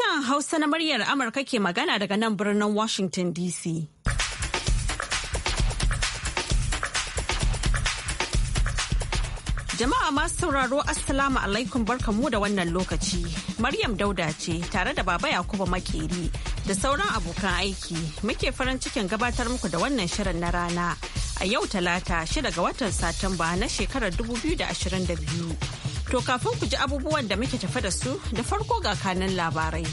Sashen Hausa na muryar Amurka ke magana daga nan birnin Washington DC. Jama'a masu sauraro Assalamu alaikum barka mu da wannan lokaci. Maryam Dauda ce tare da Baba Yakubu Makeri da sauran abokan aiki muke farin cikin gabatar muku da wannan shirin na rana a yau talata shida ga watan Satumba na shekarar 2022. To kafin ku ji abubuwan da muke tafa da su da farko ga kanan labarai.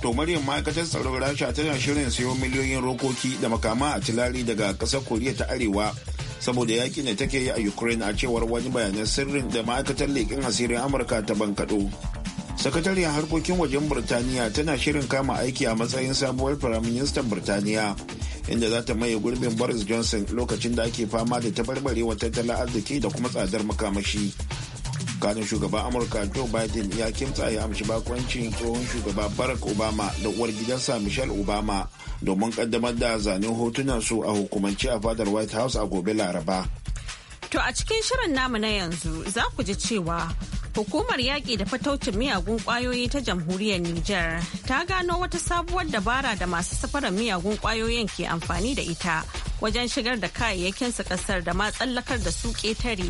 To Maryam ma'aikatar tsaron Rasha tana shirin sayo miliyoyin rokoki da makama a tilari daga ƙasar Koriya ta Arewa saboda yakin da take yi a Ukraine a cewar wani bayanan sirrin da ma'aikatar leƙin asirin Amurka ta bankaɗo. Sakatariyar harkokin wajen Birtaniya tana shirin kama aiki a matsayin sabuwar Firaministan Birtaniya inda za ta maye gurbin Boris Johnson lokacin da ake fama da tabarbarewar tattalin arziki da kuma tsadar makamashi. kanin shugaban amurka joe biden ya kimta ya amshi bakoncin tsohon shugaba barack obama da uwar gidansa michelle obama domin kaddamar da zanen hotunan su a hukumance a fadar white house a gobe laraba to a cikin shirin namu na yanzu za ku ji cewa Hukumar yaƙi da fataucin miyagun ƙwayoyi ta jamhuriyar niger ta gano wata sabuwar dabara da masu safarar miyagun ƙwayoyin ke amfani da ita wajen shigar da kayayyakinsu ƙasar da ma tsallakar da su ƙetare.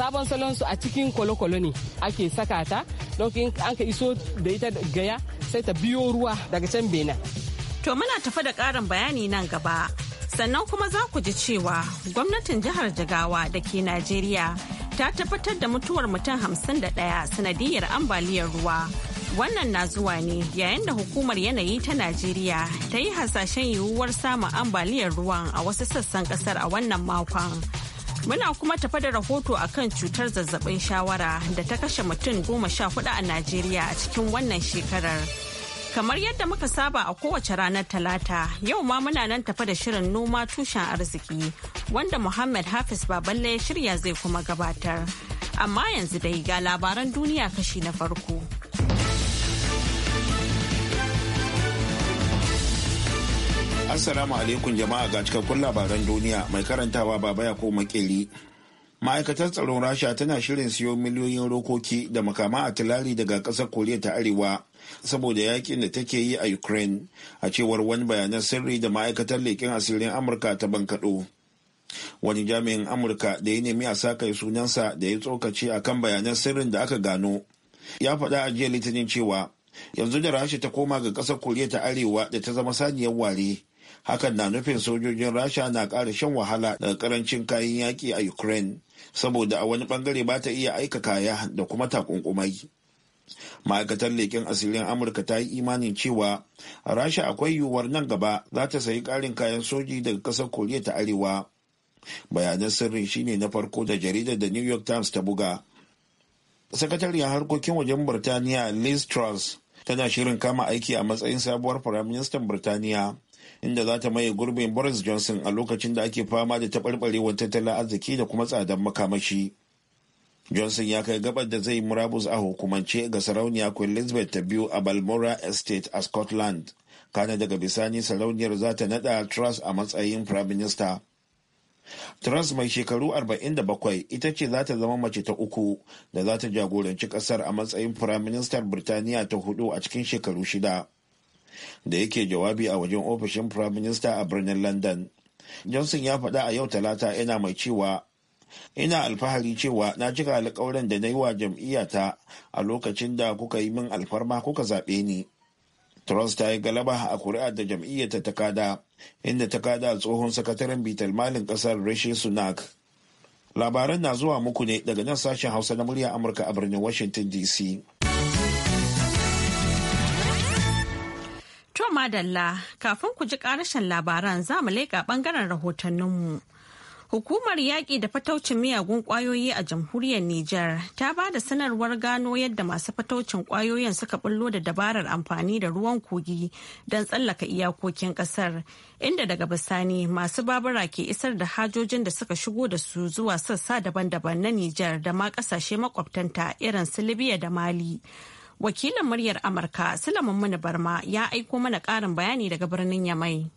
sabon salon su a cikin kwalokwalo ne ake saka ta don an ka iso da ita gaya sai ta biyo ruwa daga can bena. to muna tafa da karin bayani nan gaba sannan kuma za ku ji cewa gwamnatin jihar jigawa da ke najeriya ta tabbatar da mutuwar mutum hamsin da daya sanadiyar ambaliyar ruwa wannan na zuwa ne yayin da hukumar yanayi ta najeriya ta yi hasashen yiwuwar samun ambaliyar ruwan a wasu sassan kasar a wannan makon Muna kuma tafa da rahoto a kan cutar zazzabin shawara da ta kashe mutum goma sha hudu a Najeriya a cikin wannan shekarar. Kamar yadda muka saba a kowace ranar Talata, yau ma muna nan tafa da shirin noma tushen arziki wanda Muhammad Hafiz Baballe ya shirya zai kuma gabatar. Amma yanzu dai ga labaran duniya kashi na farko. Assalamu alaikum jama'a ga cikakkun labaran duniya mai karantawa baba ya ko makeli. Ma'aikatar tsaron Rasha tana shirin siyo miliyoyin rokoki da makama a tilari daga ƙasar Koriya ta Arewa saboda yakin da take yi a Ukraine a cewar wani bayanan sirri da ma'aikatar leƙen asirin Amurka ta bankaɗo. Wani jami'in Amurka da ya nemi a sa kai sunansa da ya tsokace a kan bayanan sirrin da aka gano. Ya faɗa a jiya Litinin cewa yanzu da Rasha ta koma ga ƙasar Koriya ta Arewa da ta zama saniyar ware. hakan na nufin sojojin rasha na ƙara shan wahala daga karancin kayan yaki a ukraine saboda a wani bangare ba ta iya aika kaya da kuma takunkumai ma'aikatar leƙen asirin amurka ta yi imanin cewa rasha akwai yiwuwar nan gaba za ta sayi ƙarin kayan soji daga ƙasar koriya ta arewa bayanan sirrin shine na farko da jaridar da new york times ta buga sakatariyar harkokin wajen birtaniya liz truss tana shirin kama aiki a matsayin sabuwar firaministan birtaniya inda za ta maye gurbin boris johnson a lokacin da ake fama da taɓarɓarewar tattalin arziki da kuma tsadar makamashi johnson ya kai gabar da zai murabus a hukumance ga sarauniya queen elizabeth ta biyu a balmora estate a scotland kana daga bisani sarauniyar za ta nada truss a matsayin prime minister truss mai shekaru 47 ita ce za ta zama mace ta uku da za ta jagoranci kasar a matsayin prime minister birtaniya ta hudu a cikin shekaru shida da yake jawabi a wajen ofishin prime minister a birnin london johnson ya faɗa a yau talata yana mai cewa ina alfahari cewa na cika alkawarin da na yi wa jam'iyyata a lokacin da kuka yi min alfarma kuka zaɓe ni trust ta yi galaba a kuri'a da jam'iyyata ta kada inda ta kada tsohon sakataren bitar malin kasar Rishi Sunak. Labaran na zuwa muku ne daga nan sashen Hausa na murya Amurka a birnin Washington DC. To madalla kafin ku ji karashin labaran za mu leƙa bangaren rahotanninmu. Hukumar yaƙi da fataucin miyagun ƙwayoyi a jamhuriyar Nijar ta ba da sanarwar gano yadda masu fataucin ƙwayoyin suka bullo da dabarar amfani da ruwan kogi don tsallaka iyakokin ƙasar, inda daga bisani masu babura ke isar da hajojin da suka shigo da su zuwa sassa daban-daban na Nijar da ma ƙasashe makwabtanta irin su Libya da Mali. Wakilin muryar Amurka Sulaiman Muni Barma ya aiko mana karin bayani daga birnin Yamai.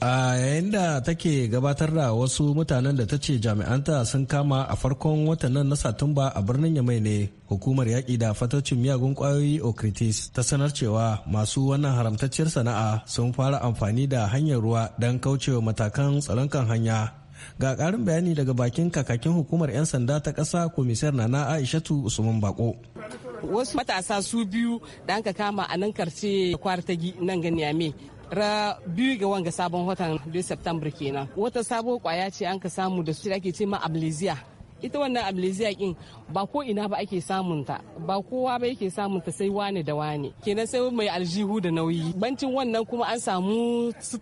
a yayin da take gabatar da wasu mutanen da ta ce jami'anta sun kama a farkon watan na satumba a birnin yamai ne hukumar yaƙi da fatocin miyagun ƙwayoyi okritis ta sanar cewa masu wannan haramtacciyar sana'a sun fara amfani da hanyar ruwa don kaucewa matakan tsaron kan hanya Ga karin bayani daga bakin kakakin hukumar 'yan sanda ta ƙasa komisar na Aishatu Usman Bako. Wasu matasa su biyu da an ka kama a nan karce kwartagi nan ga niyame ra biyu ga wanga sabon watan da september kenan wata sabo kwaya ce an ka samu da su ake ce ma amnesia ita wannan amnesia kin ba ko ina ba ake samun ta ba kowa ba yake samun ta sai wane da wane kenan sai mai aljihu da nauyi bancin wannan kuma an samu su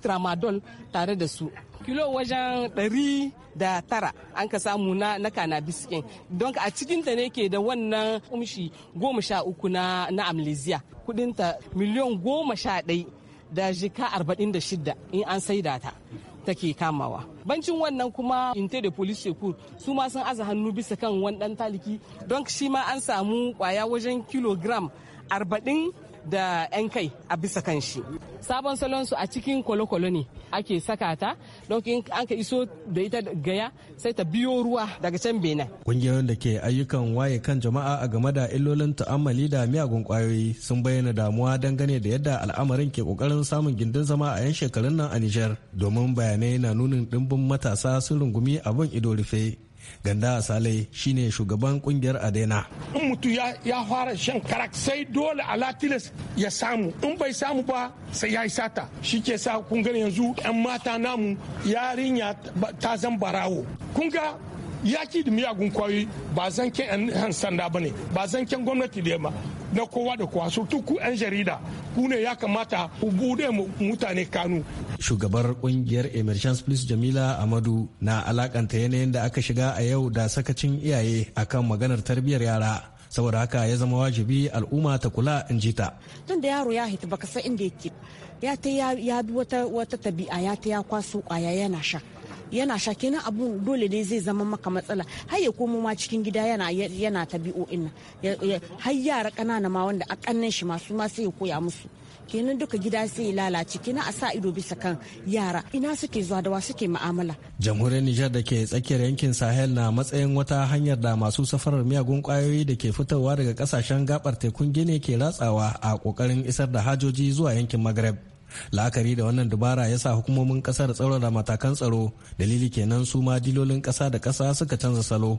tare da su kilo wajen ɗari da tara an ka samu na na kana biskin don a cikin ta ne ke da wannan kumshi goma sha uku na na amnesia kudinta miliyon goma sha ɗai da jika arba'in da shidda in an saida ta take kamawa bancin wannan kuma inte da police secours su ma sun aza hannu bisa kan wani ɗan taliki don shi ma an samu kwaya wajen kilogram arba'in da 'yan kai a bisa kan shi. Sabon salonsu a cikin kwalokwalo ne ake saka ta don in an ka iso da ita gaya sai ta biyo ruwa daga can benin. ƙungiyoyin da ke ayyukan waye kan jama'a a game da illolin ta'ammali da miyagun kwayoyi sun bayyana damuwa dangane da yadda al'amarin ke kokarin samun gindin zama a 'yan shekarun nan a Nijar domin bayanai na nunin ɗimbin matasa sun rungumi abin ido rufe. ganda salai shine shugaban kungiyar adena in mutum ya fara shan karak sai dole latilas ya samu in bai samu ba sai ya yi sata shi ke sa kun yanzu yan mata namu yarinya ta zan barawo kun ga yaki da miyagun kwayoyi ba zanken 'yan sanda ba ne ba zanken gwamnati da ba na kowa da kowa su ku 'yan jarida ku ne ya kamata ku bude mutane kanu shugabar kungiyar emergence police jamila amadu na alakanta yanayin da aka shiga a yau da sakacin iyaye akan maganar tarbiyyar yara saboda haka ya zama wajibi al'umma ta kula in ji ta tun da yaro ya hita baka san inda yake ya ta ya bi wata wata tabi'a ya ta ya kwaso kwaya yana sha yana sha kenan abun dole ne zai zama maka matsala har ya komo ma cikin gida yana yana tabi'o'in nan har yara kanana ma wanda a kannan shi masu ma sai ya koya musu kenan duka gida sai lalace kenan a sa ido bisa kan yara ina suke zuwa da wa suke mu'amala jamhuriyar nijar da ke tsakiyar yankin sahel na matsayin wata hanyar da masu safarar miyagun kwayoyi da ke fitowa daga kasashen gabar tekun gine ke ratsawa a kokarin isar da hajoji zuwa yankin maghreb la'akari da wannan dubara ya sa hukumomin kasar tsaurara matakan tsaro dalili kenan su ma dilolin kasa da kasa suka canza salo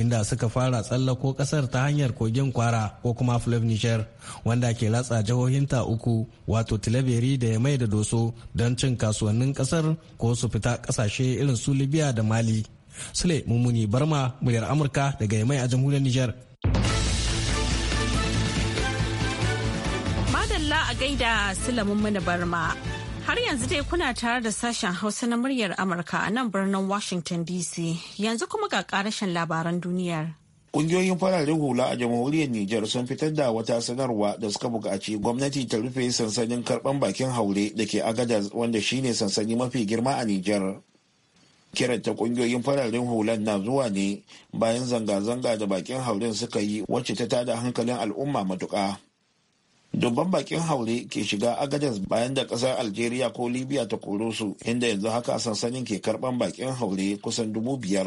inda suka fara tsallako kasar ta hanyar kogin kwara ko kuma flav niger wanda ke latsa jihohinta uku wato tilaberi da ya mai da doso don cin kasuwannin kasar ko su fita kasashe irin su libya da mali sule mummuni barma muryar amurka daga yamai a jamhuriyar niger a gaida silamin mana barma. Har yanzu dai kuna tare da sashen Hausa na muryar Amurka a nan birnin Washington DC. Yanzu kuma ga karashen labaran duniyar. Kungiyoyin fararen hula a jamhuriyar Nijar sun fitar da wata sanarwa da suka buƙaci gwamnati ta rufe sansanin karɓan bakin haure da ke agada wanda shine sansani mafi girma a Nijar. kiran ta kungiyoyin fararen hulan na zuwa ne bayan zanga-zanga da bakin haurin suka yi wacce ta tada hankalin al'umma matuƙa. dubban bakin haure ke shiga agadas bayan da kasar algeria ko libya ta koro su inda yanzu haka sansanin ke karban bakin haure kusan dubu biyar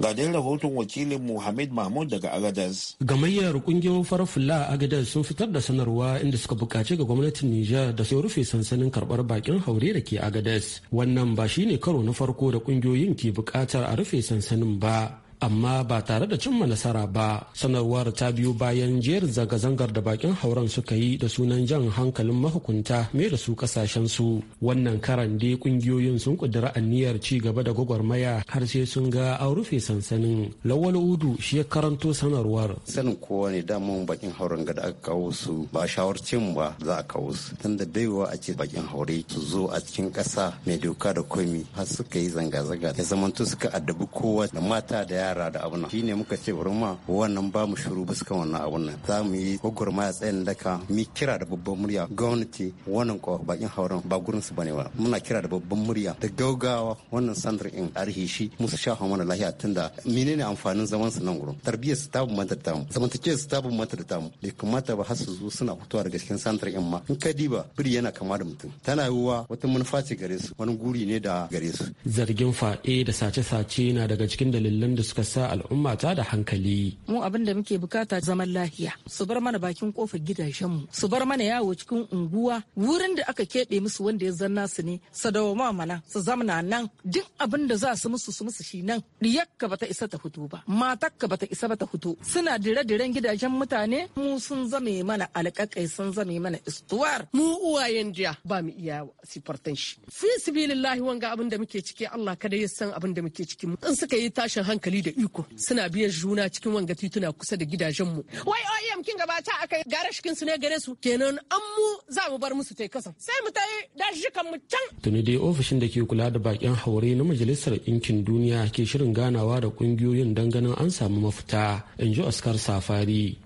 ga dai rahoton wakilin Muhammad Mahmud daga agadas. Gamayyar kungiyar farar fulla a agadas sun fitar da sanarwa inda suka bukaci ga gwamnatin Nijar da sai rufe sansanin karbar bakin haure da ke agadas Wannan ba shine karo na farko da kungiyoyin ke bukatar a rufe sansanin ba. amma ba tare da cimma nasara ba sanarwar ta biyo bayan jerin zanga-zangar da bakin hauren suka yi da sunan jan hankalin mahukunta mai da su kasashen su wannan karan dai kungiyoyin sun kudura aniyar ci gaba da gwagwarmaya har sai sun ga an rufe sansanin lawal udu shi ya karanto sanarwar sanin kowa ne daman bakin hauren gada aka kawo su ba shawarcin ba za a kawo su tunda baiwa a ce bakin haure su zo a cikin ƙasa mai doka da komi har suka yi zanga-zanga ya zamanto suka addabi kowa da mata da yara yara da abuna shi ne muka ce bari ma wannan ba mu shuru bisa wannan abun nan za mu yi gwagwarmaya tsayin daka mi kira da babban murya gwamnati wannan ko bakin hauren ba gurin su bane ba muna kira da babban murya da gaugawa wannan sandar in arhi shi musu sha mana lahiya tunda menene amfanin zaman su nan gurin tarbiyyar su ta mata da tamu zamantakewar su ta mata da mu da kamata ba har su zo suna fitowa daga cikin sandar in ma in ka diba biri yana kama da mutum tana yiwuwa wata manufa ce gare su wani guri ne da gare su zargin fa'e da sace-sace na daga cikin dalilan da suka sa al'umma ta da hankali. Mu abin da muke bukata zaman lafiya su bar mana bakin kofar gidajenmu su bar mana yawo cikin unguwa wurin da aka keɓe musu wanda ya zanna su ne su dawo mana su zamna nan duk abin da za su musu su musu shi nan riyakka bata isa ta fito ba matakka bata isa bata fito suna dire-diren gidajen mutane mu sun zame mana alƙaƙai sun zame mana istuwar. Mu uwayen jiya ba mu iya sifartan shi. Fi sibilillahi wanga abin da muke ciki Allah kada ya san abin da muke ciki. In suka yi tashin hankali da iko suna biyan juna cikin wanga tituna kusa da gidajenmu wai oem kin gabata akai gara shikin su ne gare su kenan an mu za mu bar musu tai kasan sai mu tai dashikan mu can tuni dai ofishin da ke kula da bakin haure na majalisar ɗinkin duniya ke shirin ganawa da kungiyoyin don ganin an samu mafita in ji Oscar Safari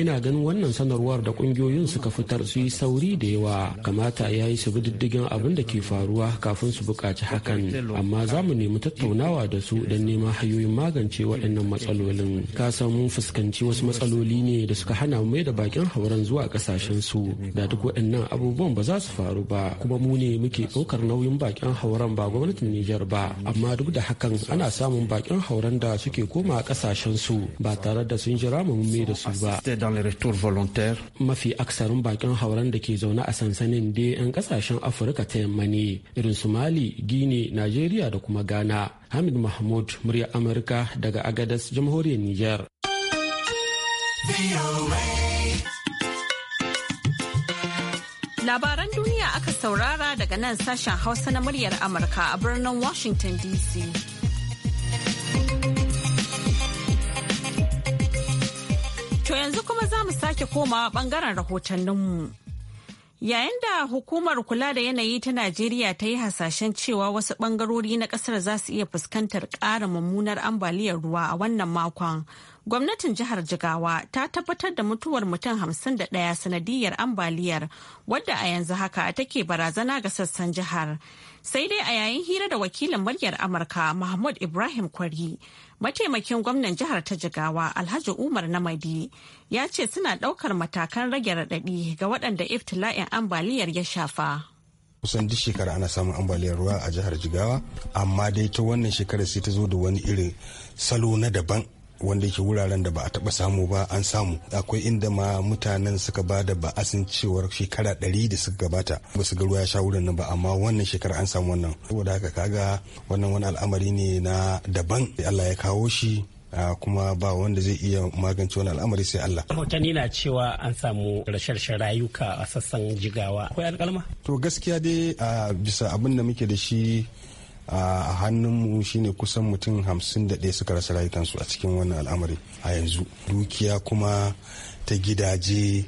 ina ganin wannan sanarwar da kungiyoyin suka fitar su yi sauri da yawa kamata ya yi su bi diddigin abin da ke faruwa kafin su buƙaci hakan amma za mu nemi tattaunawa da su da don neman hanyoyin magance waɗannan matsalolin kasan mun fuskanci wasu matsaloli ne da suka hana mu mai da bakin hauren zuwa ƙasashen su da duk waɗannan abubuwan ba za su faru ba kuma mu ne muke ɗaukar nauyin bakin hauren ba gwamnatin Nijar ba amma duk da hakan ana samun bakin hauren da suke koma ƙasashen su ba tare da sun jira mu mai da su ba mafi aksarin bakin hauren da ke zaune a sansanin dai 'yan kasashen Afirka ta yamma ne irin su Mali, Gini, Najeriya da kuma Ghana Hamid Mahmud murya Amurka daga Agadas jamhuriyar Nijar. Labaran duniya aka saurara daga nan sashen Hausa na muryar Amurka a birnin Washington DC. To yanzu kuma za mu sake komawa bangaren rahotanninmu. Yayin da hukumar kula da yanayi ta Najeriya ta yi hasashen cewa wasu bangarori na kasar za su iya fuskantar ƙara mummunar ambaliyar ruwa a wannan makon, gwamnatin jihar jigawa ta tabbatar da mutuwar mutum hamsin da ɗaya sanadiyar ambaliyar wadda a yanzu haka take barazana ga sassan jihar sai dai a yayin hira da wakilin muryar amurka mahmud ibrahim kwari mataimakin gwamnan jihar ta jigawa alhaji umar namadi ya ce suna ɗaukar matakan rage raɗaɗi ga waɗanda iftila'in ambaliyar ya shafa kusan duk shekara ana samun ambaliyar ruwa a jihar jigawa amma dai ta wannan shekarar sai ta zo da wani irin salo na daban wanda yake wuraren da ba a taba samu ba an samu akwai inda ma mutanen suka ba da ba asin cewar shekara ɗari da suka gabata ba su ga ruwa ya sha wurin nan ba amma wannan shekara an samu wannan saboda haka kaga wannan wani al'amari ne na daban da Allah ya kawo shi Uh, kuma ba wanda zai iya magance wani al'amari sai Allah. hotoni na cewa an samu rasharshen rayuka a sassan jigawa. Akwai alkalma? To gaskiya dai a bisa abin da muke da shi a hannunmu shine kusan mutum hamsin da ɗaya suka rasa rayukansu a cikin wannan al'amari a yanzu dukiya kuma ta gidaje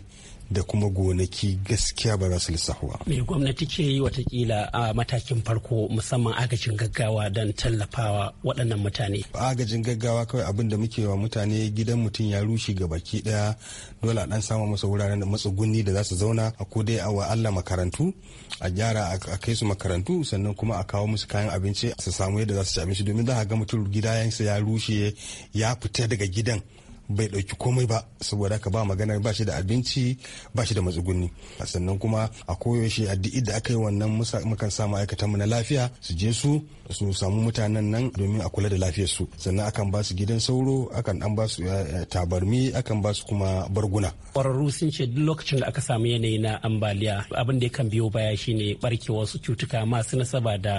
da kuma gonaki gaskiya ba za su lissafu ba. Me gwamnati ke yi watakila a matakin farko musamman agajin gaggawa don tallafawa waɗannan mutane? Agajin gaggawa kawai abin da muke wa mutane gidan mutum ya rushe ga baki ɗaya dole a ɗan samu masa wuraren da matsuguni da za su zauna a ko dai a Allah makarantu a gyara a kai su makarantu sannan kuma a kawo musu kayan abinci su samu yadda za su ci abinci domin za a ga mutum gida ya rushe ya fita daga gidan bai ɗauki komai ba saboda haka ba magana ba shi da abinci ba shi da matsuguni sannan kuma a koyaushe a da aka yi wannan mukan sa ma'aikatanmu na lafiya su je su su samu mutanen nan domin a kula da lafiyar su sannan akan ba su gidan sauro akan an ba su eh, tabarmi akan ba su kuma barguna kwararru sun ce duk lokacin da aka samu yanayi na ambaliya abin da kan biyo baya shine barkewar su cutuka masu nasaba da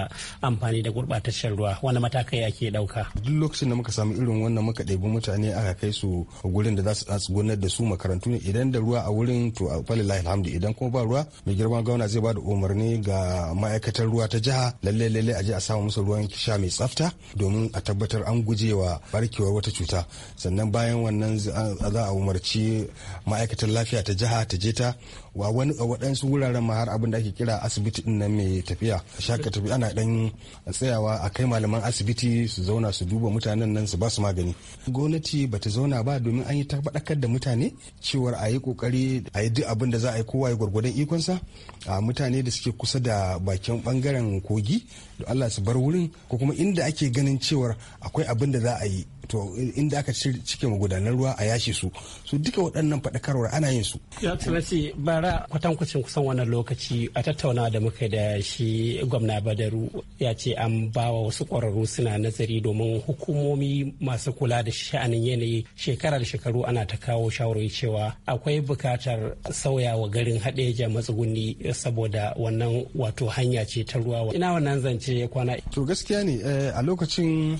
amfani da gurɓataccen ruwa wani matakai ake ɗauka duk lokacin da muka samu irin wannan muka ɗebi mutane aka kai su gurin da za su gudanar da su makarantu ne idan da ruwa a wurin to a falilahi alhamdu idan kuma ba ruwa mai girman gauna zai ba da umarni ga ma'aikatar ruwa ta jiha lallai lallai a je a samu musu ruwan sha mai tsafta domin a tabbatar an guje wa barkewar wata cuta sannan bayan wannan za a umarci ma'aikatar lafiya ta jiha ta je ta wa wani a waɗansu wuraren ma har abin da ake kira asibiti din nan mai tafiya shaka tafi ana dan tsayawa a kai malaman asibiti su zauna su duba mutanen nan su ba su magani gwamnati bata zauna ba domin an yi ta da mutane cewar a yi kokari a yi duk abin da za a yi kowa ya gwargwadon ikonsa a mutane da suke kusa da bakin bangaren kogi da Allah su bar wurin ko kuma inda ake ganin cewar akwai abin da za a yi to inda aka cike magudanan ruwa a yashe su su duka waɗannan faɗakarwar ana yin su. ya tunasi bara kwatankwacin kusan wannan lokaci a tattauna da muka da shi gwamna badaru ya ce an ba wa wasu ƙwararru suna nazari domin hukumomi masu kula da sha'anin yanayi shekara da shekaru ana ta kawo shawarwari cewa akwai bukatar wa garin haɗeja matsuguni saboda wannan wato hanya ce ta ruwa ina wannan zance kwana. to gaskiya ne eh, a lokacin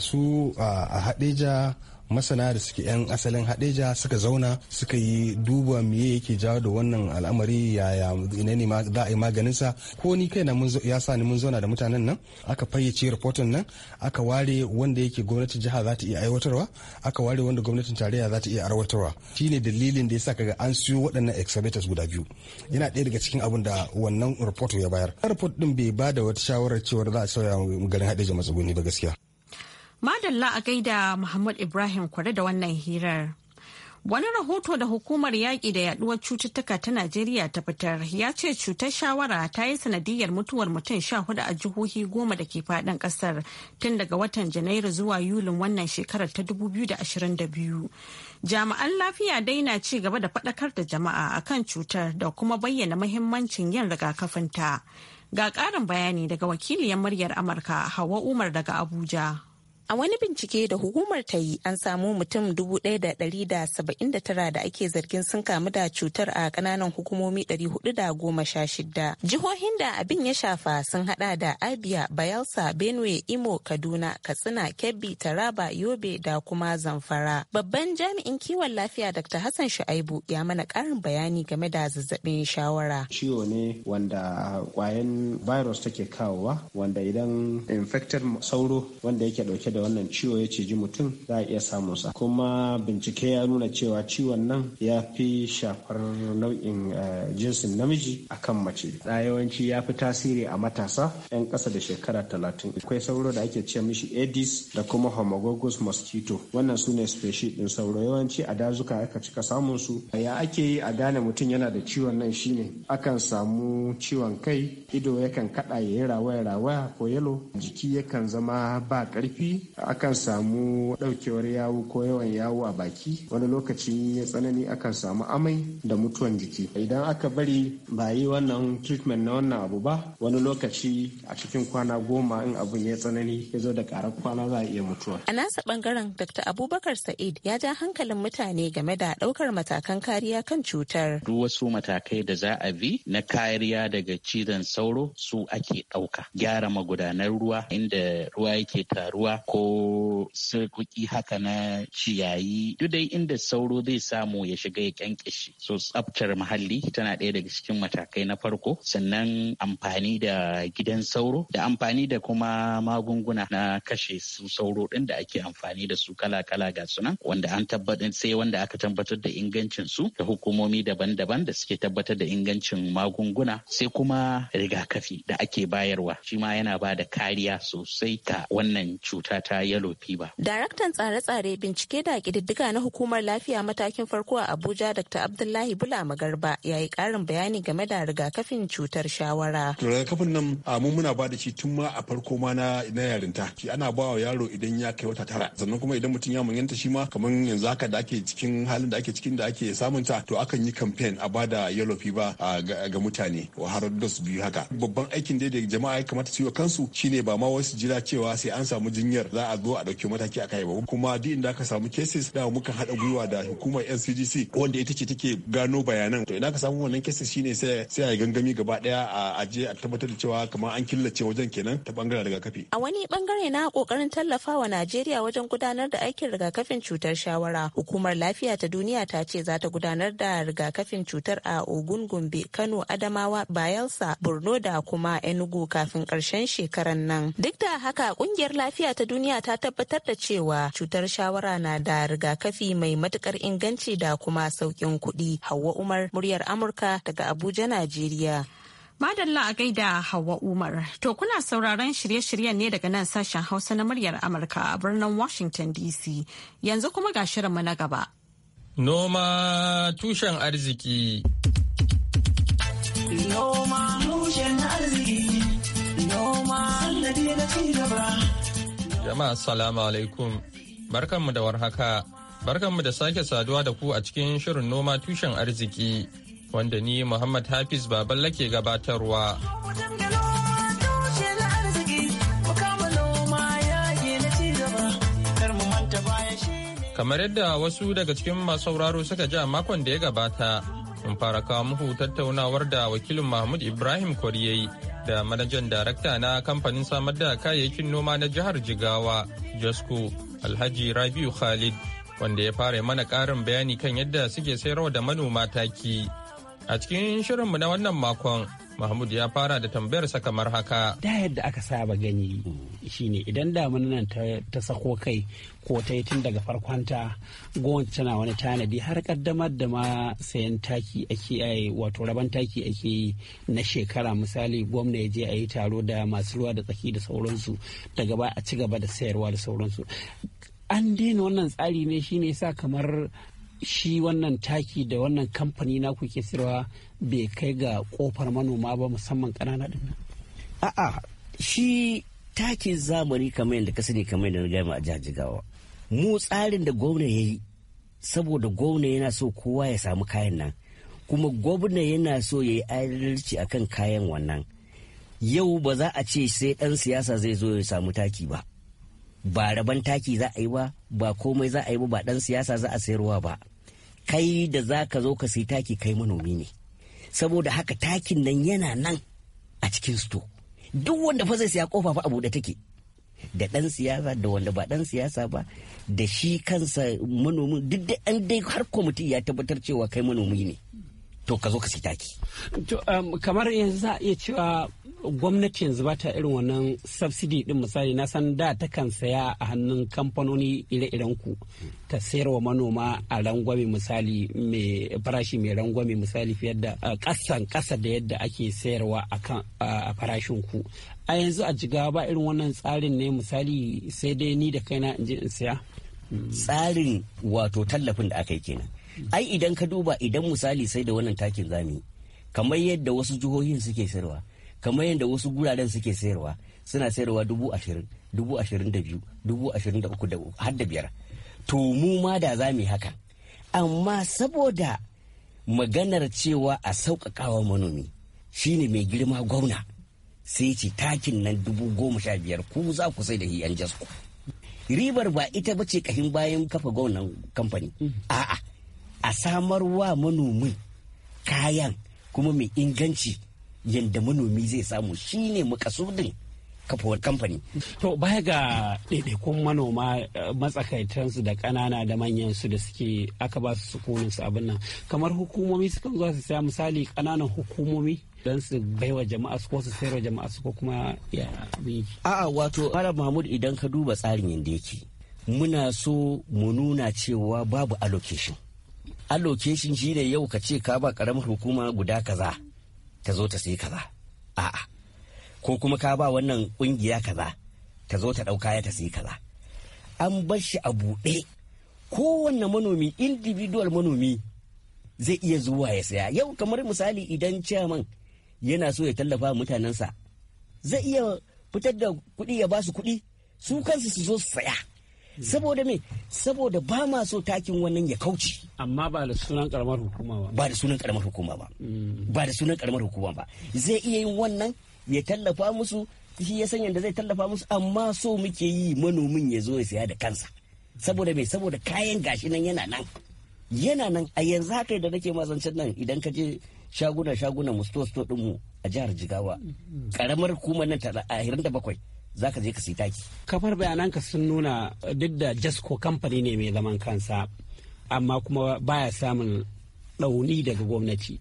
su a hadeja masana da suke 'yan asalin hadeja suka zauna suka yi duba miye yake jawo da wannan al'amari yaya ina ne za a yi maganinsa ko ni kai na ya sa ni mun zauna da mutanen nan aka fayyace rahoton nan aka ware wanda yake gwamnatin jiha za ta iya aiwatarwa aka ware wanda gwamnatin tarayya za ta iya aiwatarwa shine dalilin da ya sa kaga an siyo waɗannan excavators guda biyu yana ɗaya daga cikin abin da wannan rahoto ya bayar rahoton din bai ba da wata shawarar cewa za a sauya garin hadeja matsuguni ba gaskiya Madalla a gaida Muhammad Ibrahim kware da wannan hirar. Wani rahoto da hukumar yaƙi da yaduwar cututtuka ta Najeriya ta fitar ya ce cutar shawara ta yi sanadiyar mutuwar mutum sha hudu a jihohi goma da ke faɗin ƙasar tun daga watan Janairu zuwa Yulin wannan shekarar ta 2022. Jami'an lafiya dai na ci gaba da faɗakar da jama'a akan cutar da kuma bayyana mahimmancin yin rigakafinta. Ga ƙarin bayani daga wakiliyar muryar Amurka Hawa Umar daga Abuja. A wani bincike da hukumar ta yi an samu mutum 1,179 da ake zargin sun kamu da cutar a kananan hukumomi 416. Jihohin da abin ya shafa sun hada da Abia, Bayelsa, Benue, Imo, Kaduna, Katsina, Kebbi, Taraba, Yobe da kuma Zamfara. Babban jami'in kiwon lafiya Dr. Hassan Shu'aibu ya mana karin bayani game da zazzabin shawara. Ciwo ne wanda kwayan virus take kawowa wanda idan infected sauro wanda yake dauke da wannan ciwo ya ciji mutum za a iya samun sa kuma bincike ya nuna cewa ciwon nan ya fi shafar nau'in eh, jinsin namiji a kan mace da yawanci ya fi tasiri a matasa 'yan ƙasa da shekara talatin akwai sauro da ake ce mishi edis da kuma homogogos mosquito wannan su ne species din sauro yawanci a dazuka aka cika samun su ya ake yi a gane mutum yana da ciwon nan shine akan samu ciwon kai ido yakan kada ya yi rawaya rawaya ko yalo jiki yakan zama ba karfi akan samu daukewar yawu ko yawan yawu a baki wani lokaci ya tsanani akan samu amai da mutuwan jiki idan aka bari ba yi wannan treatment na wannan abu ba wani lokaci a cikin kwana goma in abun ya tsanani ya zo da karar kwana za a iya mutuwa a nasa bangaren dr abubakar sa'id ya ja hankalin mutane game da ɗaukar matakan kariya kan cutar duk wasu matakai da za a bi na kariya daga cizon sauro su ake ɗauka. gyara magudanar ruwa inda ruwa yake taruwa ko ko sarkoki haka na ciyayi duk dai inda sauro zai samu ya shiga ya kyankishi so tsabtar muhalli tana ɗaya daga cikin matakai na farko sannan amfani da gidan sauro da amfani da kuma magunguna na kashe su sauro ɗin da ake amfani da su kala-kala ga sunan wanda an tabbatar sai wanda aka tabbatar da ingancin su da hukumomi daban-daban da suke tabbatar da ingancin magunguna sai kuma rigakafi da ake bayarwa shi ma yana ba da kariya sosai ga wannan cuta ta yellow fever. Daraktan tsare-tsare bincike da kididdiga na hukumar lafiya matakin farko a Abuja Dr. Abdullahi Bula Magarba ya yi karin bayani game da rigakafin cutar shawara. Rigakafin nan mu muna ba da shi tun ma a farko ma na yarinta. Ana ba wa yaro idan ya kai wata tara. Sannan kuma idan mutum ya manyanta shi ma kamar yanzu haka da ake cikin halin da ake cikin da ake samun ta to akan yi campaign a ba bada yellow fever ga mutane wa har su biyu haka. Babban aikin da jama'a ya kamata su yi wa kansu shine ba ma wasu jira cewa sai an samu jinyar za a zo a ɗauki mataki a kai ba kuma duk inda aka samu cases da muka haɗa gwiwa da hukumar ncdc wanda ita ce take gano bayanan to idan ka samu wannan cases shine sai sai a gangami gaba ɗaya a aje a tabbatar da cewa kamar an killace wajen kenan ta bangaren rigakafi a wani bangare na kokarin wa najeriya wajen gudanar da aikin rigakafin cutar shawara hukumar lafiya ta duniya ta ce za ta gudanar da rigakafin cutar a ogun gombe kano adamawa bayelsa borno da kuma enugu kafin karshen shekaran nan duk da haka kungiyar lafiya ta duniya duniya ta tabbatar da cewa cutar shawara na da rigakafi mai matukar inganci da kuma saukin kuɗi. Hauwa Umar, muryar Amurka daga Abuja, Najeriya. Madalla a gaida Hauwa Umar. To kuna sauraron shirye-shiryen ne daga nan sashen Hausa na muryar Amurka a birnin Washington DC. Yanzu kuma ga shirinmu na gaba. Noma tushen arziki. Noma tushen arziki. Noma na ci gaba. Jama'a salamu alaikum. Barkanmu da warhaka. Barkanmu da sake saduwa da ku a cikin shirin noma tushen arziki wanda ni Muhammad Hafiz Baballa ke gabatarwa. Kamar yadda wasu daga cikin masu suka ji a makon da ya gabata, mun fara kawo muku tattaunawar da wakilin Mahmud Ibrahim yayi da manajan darakta na kamfanin samar da kayayyakin noma na jihar Jigawa, Josko Alhaji Rabiu Khalid, wanda ya fara mana ƙarin bayani kan yadda suke sayarwa da manoma taki. A cikin shirinmu na wannan makon Mahmud ya fara da tambayarsa kamar haka. Da yadda aka saba gani shine idan damuna nan ta sako kai ko ta yi tun daga farkon farkonta gwamnati tana wani tanadi har kaddamar da ma sayan taki ake yi wato rabon taki ake yi na shekara misali gwamna ya je a yi taro da masu ruwa da tsaki da sauransu daga ba a ci gaba da sayarwa da sauransu. An daina wannan tsari ne shine sa kamar shi wannan taki da wannan kamfani na kuke sirwa bai kai ga kofar manoma ba musamman kanana din a'a shi takin zamani kamar yadda ka kamar yadda gama a jajigawa mu tsarin da gwamna ya yi saboda gwamna yana so kowa ya samu kayan nan kuma gwamna yana so ya yi adalci akan kayan wannan yau ba za a ce sai dan siyasa zai zo ya samu taki ba ba raban taki za a yi ba ba komai za a yi ba ba dan siyasa za a sayarwa ba kai da za ka zo ka sai taki kai manomi ne saboda haka takin nan yana nan a cikin sto duk wanda fa zai siya kofa fa a buɗe take da ɗan siyasa da wanda ba ɗan siyasa ba da shi kansa manomin duk da an dai har kwamiti ya tabbatar cewa kai manomi ne to ka zo ka sai taki. Um, kamar yanzu za a iya cewa gwamnati yanzu ba ta irin wannan subsidy din misali na san da ta kan saya a hannun kamfanoni ire-iren ku ta sayar wa manoma a rangwame misali mai farashi mai rangwame misali fiye da kasan kasa da yadda ake sayarwa a farashin ku a yanzu a jiga ba irin wannan tsarin ne misali sai dai ni da kaina in je in saya tsarin wato tallafin da aka yi kenan ai idan ka duba idan misali sai da wannan takin zami kamar yadda wasu jihohin suke sayarwa kamar yadda wasu guraren suke sayarwa suna sayarwa dubu ashirin dubu ashirin da biyu dubu ashirin da uku da har biyar to mu ma da za mu yi haka amma saboda maganar cewa a sauƙaƙawa manomi shine mai girma gwamna sai ce takin nan dubu goma sha biyar ku za ku sai da hiyan jasku ribar ba ita ba ce kahin bayan kafa gwamnan kamfani mm-hmm. a'a a samarwa wa manomin kayan kuma mai inganci yadda manomi zai samu shine makasudin kafuwar kamfani. To baya ga ɗaiɗaikun manoma eh, matsakaitansu da ƙanana da manyan su da suke aka ba su sukunin su abin nan kamar hukumomi sukan zuwa su saya misali ƙananan hukumomi don su baiwa jama'a su ko su sayarwa jama'a su ko kuma ya A'a wato Mara Mahmud idan ka duba tsarin yadda yake muna so mu nuna cewa babu allocation. Allocation ne yau ka ce ka ba ƙaramar hukuma guda kaza. ta zo ta sai kaza a'a ko kuma ka ba wannan kungiya kaza ta zo ta ɗauka ya ta sai kaza an bar shi a buɗe kowanne manomi individual manomi zai iya zuwa ya saya yau kamar misali idan chairman yana so ya tallafa mutanensa zai iya fitar da kuɗi ya ba su kuɗi su kansu su zo su saya saboda me saboda ba ma so takin wannan ya kauce amma ba da sunan karamar hukuma ba ba da sunan karamar hukuma ba mm. ba da sunan karamar hukuma ba zai iya yin wannan ya tallafa musu shi ya san yadda zai tallafa musu amma so muke yi manomin ya zo ya saya da kansa saboda me saboda kayan gashi nan yana nan yana nan a yanzu haka da nake mazancin nan idan ka je shaguna shaguna mu sto sto din mu a jihar Jigawa mm-hmm. karamar hukumar nan ta 27 za ka je ka sai taki kamar bayananka sun nuna eh, duk da jasko kamfani ne mai zaman kansa amma kuma baya samun ɗauni daga gwamnati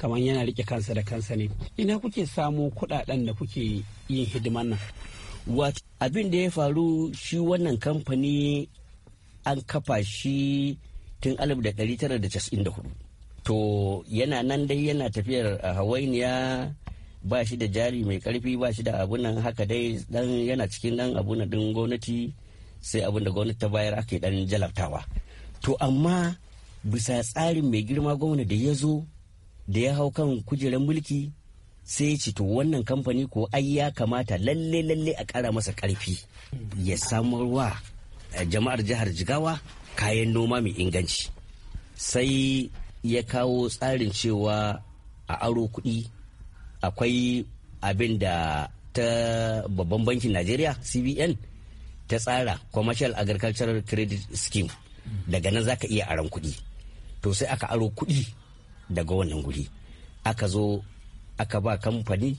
kamar yana rike kansa da kansa ne ina kuke samu kuɗaɗen da kuke yin hidiman nan wato abin da ya faru shi wannan kamfani an kafa shi tun 1994 to yana nan dai yana tafiyar a eh, hawainiya ba shi da jari mai karfi ba shi da abunan haka dai dan yana cikin dan na din gwamnati sai abun da gwamnati ta bayar ake dan jalabtawa to amma bisa tsarin mai girma gwamna da ya zo da ya hau kan kujerar mulki sai ya ce to wannan kamfani ko ai ya kamata lalle lalle a kara masa karfi ya samar wa eh, jama'ar jihar jigawa kayan noma mai inganci sai ya kawo tsarin cewa a aro kuɗi akwai abin da ta babban bankin najeriya cbn ta tsara commercial agricultural credit scheme daga nan za ka iya aron kuɗi to sai aka aro kuɗi daga wannan guri aka zo aka ba kamfani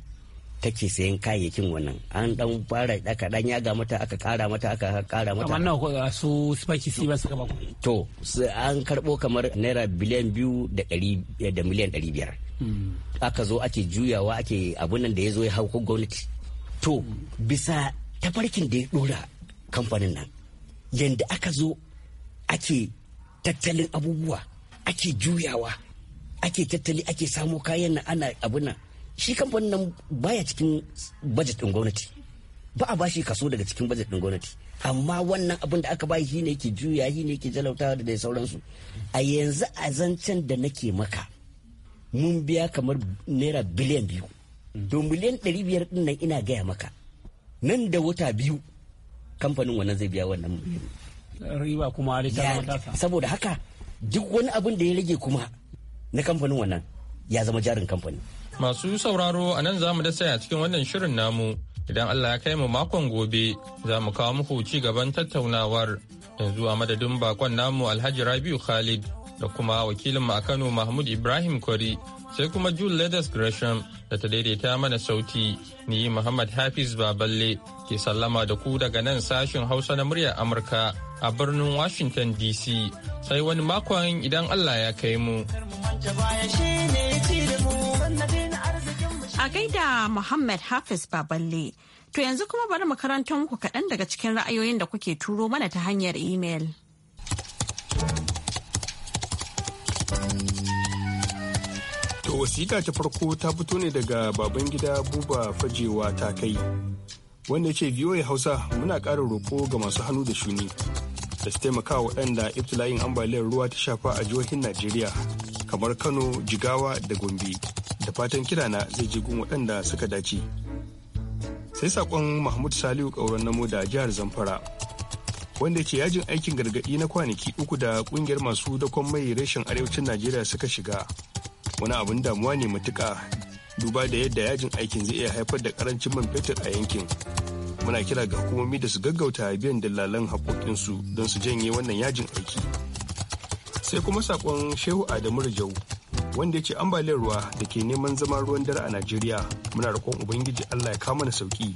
take sayan kayayyakin wannan an dan fara daka dan yaga mata aka kara mata aka kara mata wannan ko su spike si ba suka ba to an karbo kamar naira biliyan biyu da miliyan ɗari biyar aka zo ake juyawa ake abun nan da ya zo ya hau gwamnati to bisa tafarkin da ya dora kamfanin nan yadda aka zo ake tattalin abubuwa ake juyawa ake tattali ake samo kayan nan ana abun nan shi kamfanin nan baya cikin bajet din gwamnati ba a bashi kaso daga cikin bajet din gwamnati amma wannan abin da aka bayi shine yake juya shine yake jalautawa da sauransu a yanzu a zancen da nake maka mun biya kamar naira biliyan biyu don miliyan ɗari biyar ɗin nan ina gaya maka nan da wata biyu kamfanin wannan zai biya wannan riba kuma saboda haka duk wani abin da ya rage kuma na kamfanin wannan ya zama jarin kamfani masu sauraro a nan za mu da saya cikin wannan shirin namu idan allah ya kai mu makon gobe za mu kawo muku ci gaban tattaunawar yanzu a madadin bakon namu alhaji rabiu khalid da kuma wakilin a Kano Mahmud Ibrahim Kwari sai kuma June Leathers Gresham da ta daidaita mana sauti ni Muhammad Hafiz Baballe ke sallama da ku daga nan sashin Hausa na muryar Amurka a birnin Washington DC sai wani makon idan Allah ya kai mu. A gaida Muhammad Hafiz Baballe, to yanzu kuma bari makarantar muku kaɗan daga cikin ra'ayoyin da kuke turo mana ta hanyar imel. To wasiƙa ta farko ta fito ne daga baban gida buba fajewa ta kai. Wanda ce VOA Hausa muna ƙara roƙo ga masu hannu da shuni da su taimaka waɗanda iftila'in ambaliyar ruwa ta shafa a jihohin Najeriya kamar Kano, Jigawa da Gombe. Da fatan kira na zai je gun waɗanda suka dace. Sai saƙon Mahmud Saliu ƙauren namo da jihar Zamfara. Wanda ce yajin aikin gargaɗi na kwanaki uku da ƙungiyar masu dakon mai reshen arewacin Najeriya suka shiga wani abin damuwa ne matuka duba da yadda yajin aikin zai iya haifar da karancin man fetur a yankin muna kira ga hukumomi da su gaggauta biyan dillalan haƙoƙinsu don su janye wannan yajin aiki sai kuma saƙon shehu adamu rijau wanda ya ce ambaliyar ruwa da ke neman zama ruwan dare a najeriya muna roƙon ubangiji allah ya kama na sauki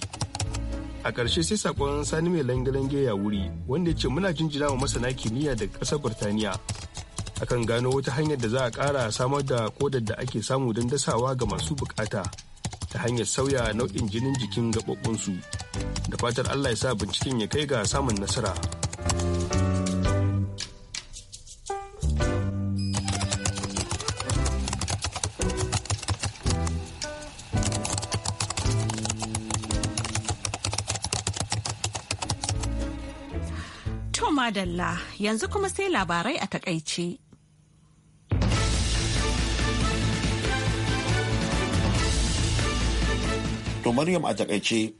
a ƙarshe sai saƙon sani mai langalange ya wuri wanda ya ce muna jinjina wa masana kimiyya da ƙasar birtaniya akan gano wata hanyar da za a ƙara samar da kodar da ake samu don dasawa ga masu bukata ta hanyar sauya nau'in jinin jikin gaɓaɓɓunsu da fatar allah ya sa binciken ya kai ga samun nasara madalla yanzu kuma sai labarai a takaice. To Maryam a takaice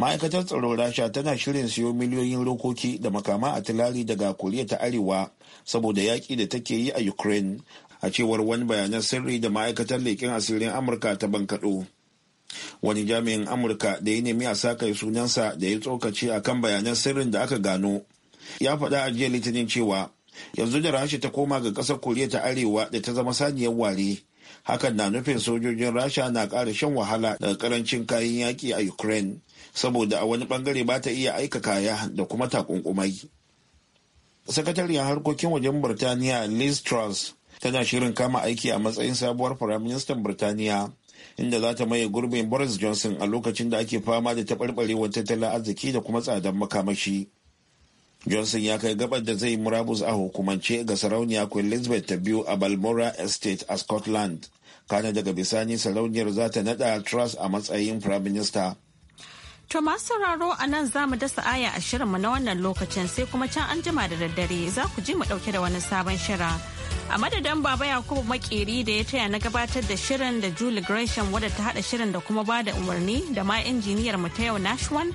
ma'aikatar tsaron rasha tana shirin siyo miliyoyin rokoki da makama a tilari daga koriya ta arewa saboda yaƙi da take yi a ukraine a cewar wani bayanan sirri da ma'aikatar leƙen asirin amurka ta bankaɗo wani jami'in amurka da ya nemi a sa kai sunansa da ya tsokace a kan bayanan sirrin da aka gano ya faɗa a jiya litinin cewa yanzu da rasha ta koma ga ƙasar koriya ta arewa da ta zama saniyar ware hakan na nufin sojojin rasha na ƙara shan wahala daga karancin kayan yaƙi a ukraine saboda a wani bangare ba ta iya aika kaya da kuma takunkumai sakatariyar harkokin wajen birtaniya liz truss tana shirin kama aiki a matsayin sabuwar firaministan birtaniya inda za ta maye gurbin boris johnson a lokacin da ake fama da taɓarɓarewar tattalin arziki da kuma tsadar makamashi johnson ya kai gabar da zai murabus a hukumance ga sarauniya queen elizabeth ta biyu a balmora estate a scotland kana daga bisani sarauniyar za ta nada trust a matsayin prime minister To masu sauraro a nan za mu dasa aya a shirinmu na wannan lokacin sai kuma can an jima da daddare za ku ji mu ɗauke da wani sabon shira. A madadin Baba Yakubu Makeri da ya taya na gabatar da shirin da Julie Gresham wadda ta haɗa shirin da kuma bada umarni da ma injiniyar mu ta yau Nashwan